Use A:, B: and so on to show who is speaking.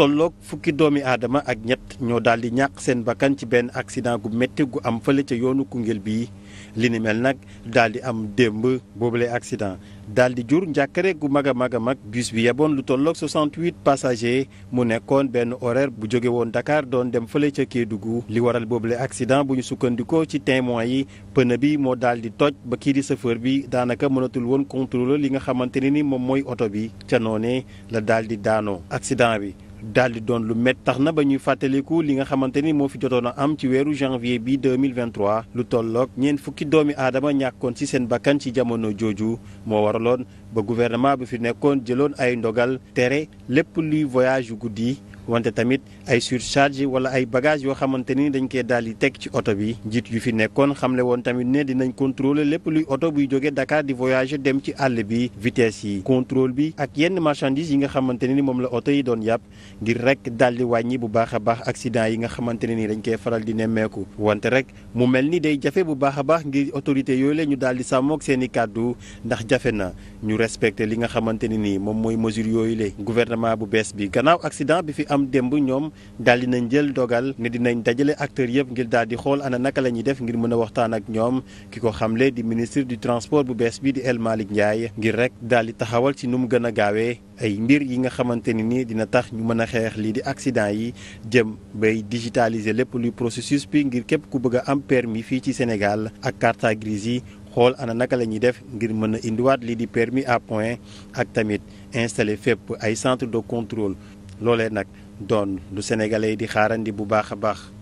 A: tolloog fukki doomi aadama ak ñett ñoo daal di ñàkk seen bakkan ci benn accident gu métti gu am fële ca yoonu Koungheul bii li ni mel nag daal di am démb boobule accident daal di jur njàkkare gu mag a mag a mag bus bi yeboon lu tolloog 68 passagers mu nekkoon benn horaire bu jóge woon ndakaar doon dem fële ca Kédougou li waral boobule accident bu ñu sukkandikoo ci témoins yi pneu bi moo daal di toj ba kii di chauffeur bi daanaka mënatul woon contrôler li nga xamante ne ni moom mooy oto bi ca noonee la daal di daanoo accident bi daal di doon lu métti tax na ba ñuy fàttaliku li nga xamante ni moo fi jotoon a am ci weeru janvier bi 2023 lu tollook ñeent fukki doomi aadama ñàkkoon ci seen bakkan ci jamono jooju moo waraloon ba gouvernement bi fi nekkoon jëloon ay ndogal tere lépp luy voyage yu guddi wante tamit ay surcharge wala ay bagages yoo xamante ni dañ koy daal di teg ci oto bi njiit yu fi nekkoon xamle woon tamit ne dinañ contrôler lépp luy oto buy jógee Dakar di voyager dem ci àll bi vitesse yi contrôle bi ak yenn marchandises yi nga xamante ne ni moom la oto yi doon yàpp ngir rek daal di wàññi bu baax a baax accident yi nga xamante ne ni dañ koy faral di nemmeeku wante rek mu mel ni day jafe bu baax a baax ngir autorité yooyu la ñu daal di sàmmoog seen i kàddu ndax jafe na ñu respecté li nga xamante ne ni moom mooy mesure yooyu la gouvernement bu bees bi gannaaw accident bi fi am démb ñoom daal di nañ jël dogal ne dinañ dajale acteurs yëpp ngir daal di xool ana naka la ñuy def ngir mën a waxtaan ak ñoom ki ko xamle di ministre du transport bu bees bi di El Malick Ndiaye ngir rek daal di taxawal ci nu mu gën gaawee ay mbir yi nga xamante ni nii dina tax ñu mën a xeex lii di accident yi jëm bay digitaliser lépp luy processus bi ngir képp ku bëgg a am permis fii ci Sénégal ak carte grise yi xool ana naka la ñuy def ngir mën a indiwaat lii di permis à point ak tamit installer fépp ay centre de contrôle loolee nag doon lu sénégalais yi di xaarandi bu baax a baax.